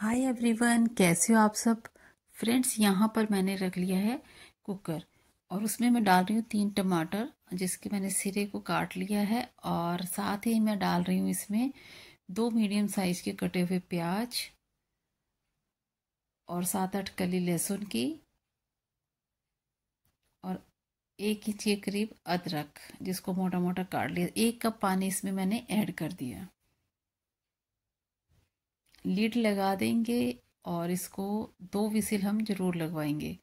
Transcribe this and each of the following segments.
हाय everyone कैसे हो आप सब फ्रेंड्स यहाँ पर मैंने रख लिया है कुकर और उसमें मैं डाल रही हूँ तीन टमाटर जिसके मैंने सिरे को काट लिया है और साथ ही मैं डाल रही हूँ इसमें दो मीडियम साइज के कटे हुए प्याज और सात आठ कली लहसुन की और एक इंच के करीब अदरक जिसको मोटा मोटा काट लिया एक कप पानी इसमें मैंने ऐड कर दिया लीड लगा देंगे और इसको दो विसिल हम ज़रूर लगवाएंगे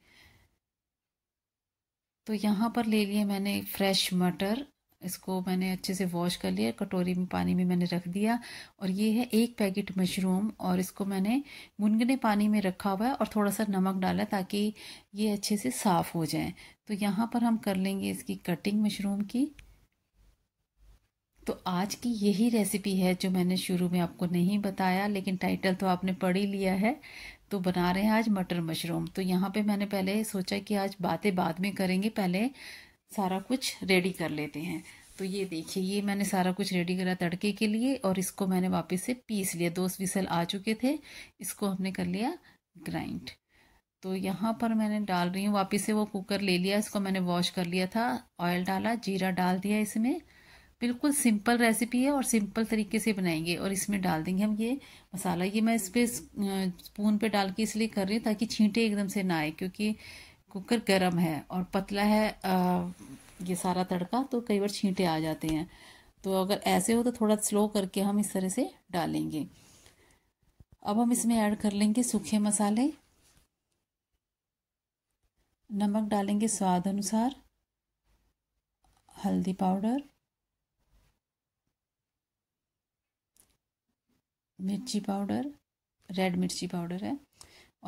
तो यहाँ पर ले लिए मैंने फ्रेश मटर इसको मैंने अच्छे से वॉश कर लिया कटोरी में पानी में मैंने रख दिया और ये है एक पैकेट मशरूम और इसको मैंने गुनगुने पानी में रखा हुआ है और थोड़ा सा नमक डाला ताकि ये अच्छे से साफ़ हो जाए तो यहाँ पर हम कर लेंगे इसकी कटिंग मशरूम की तो आज की यही रेसिपी है जो मैंने शुरू में आपको नहीं बताया लेकिन टाइटल तो आपने पढ़ ही लिया है तो बना रहे हैं आज मटर मशरूम तो यहाँ पे मैंने पहले सोचा कि आज बातें बाद में करेंगे पहले सारा कुछ रेडी कर लेते हैं तो ये देखिए ये मैंने सारा कुछ रेडी करा तड़के के लिए और इसको मैंने वापस से पीस लिया दो विसल आ चुके थे इसको हमने कर लिया ग्राइंड तो यहाँ पर मैंने डाल रही हूँ वापस से वो कुकर ले लिया इसको मैंने वॉश कर लिया था ऑयल डाला जीरा डाल दिया इसमें बिल्कुल सिंपल रेसिपी है और सिंपल तरीके से बनाएंगे और इसमें डाल देंगे हम ये मसाला ये मैं इस पर स्पून पे डाल के इसलिए कर रही हूँ ताकि छींटे एकदम से ना आए क्योंकि कुकर गर्म है और पतला है ये सारा तड़का तो कई बार छींटे आ जाते हैं तो अगर ऐसे हो तो थोड़ा स्लो करके हम इस तरह से डालेंगे अब हम इसमें ऐड कर लेंगे सूखे मसाले नमक डालेंगे स्वाद अनुसार हल्दी पाउडर मिर्ची पाउडर रेड मिर्ची पाउडर है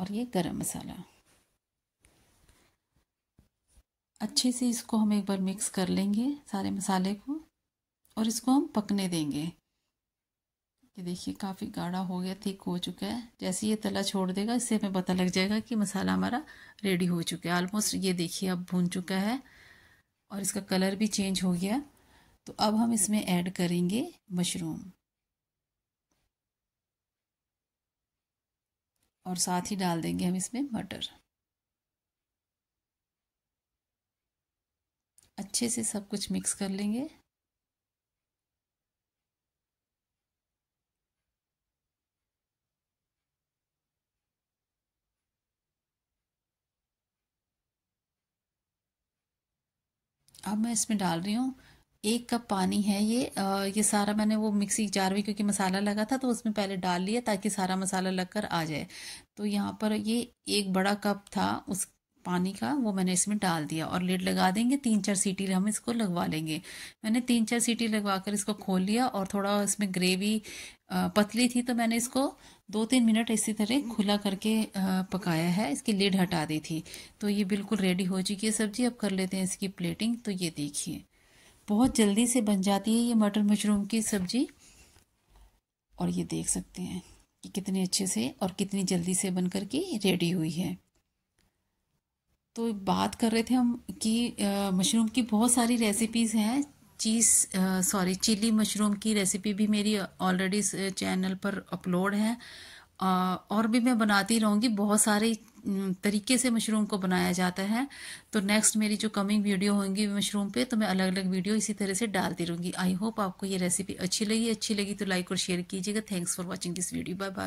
और ये गरम मसाला अच्छे से इसको हम एक बार मिक्स कर लेंगे सारे मसाले को और इसको हम पकने देंगे ये देखिए काफ़ी गाढ़ा हो गया थिक हो चुका है जैसे ये तला छोड़ देगा इससे हमें पता लग जाएगा कि मसाला हमारा रेडी हो चुका है ऑलमोस्ट ये देखिए अब भून चुका है और इसका कलर भी चेंज हो गया तो अब हम इसमें ऐड करेंगे मशरूम और साथ ही डाल देंगे हम इसमें मटर अच्छे से सब कुछ मिक्स कर लेंगे अब मैं इसमें डाल रही हूँ एक कप पानी है ये आ, ये सारा मैंने वो मिक्सी जार में क्योंकि मसाला लगा था तो उसमें पहले डाल लिया ताकि सारा मसाला लग कर आ जाए तो यहाँ पर ये एक बड़ा कप था उस पानी का वो मैंने इसमें डाल दिया और लेड लगा देंगे तीन चार सीटी हम इसको लगवा लेंगे मैंने तीन चार सीटी लगवा कर इसको खोल लिया और थोड़ा इसमें ग्रेवी पतली थी तो मैंने इसको दो तीन मिनट इसी तरह खुला करके पकाया है इसकी लेड हटा दी थी तो ये बिल्कुल रेडी हो चुकी है सब्जी अब कर लेते हैं इसकी प्लेटिंग तो ये देखिए बहुत जल्दी से बन जाती है ये मटर मशरूम की सब्ज़ी और ये देख सकते हैं कि कितने अच्छे से और कितनी जल्दी से बन कर रेडी हुई है तो बात कर रहे थे हम कि मशरूम की बहुत सारी रेसिपीज़ हैं चीज़ सॉरी चिली मशरूम की रेसिपी भी मेरी ऑलरेडी चैनल पर अपलोड है आ, और भी मैं बनाती रहूँगी बहुत सारी तरीके से मशरूम को बनाया जाता है तो नेक्स्ट मेरी जो कमिंग वीडियो होंगी मशरूम पे तो मैं अलग अलग वीडियो इसी तरह से डालती रहूँगी आई होप आपको ये रेसिपी अच्छी लगी अच्छी लगी तो लाइक और शेयर कीजिएगा thanks for watching this video bye bye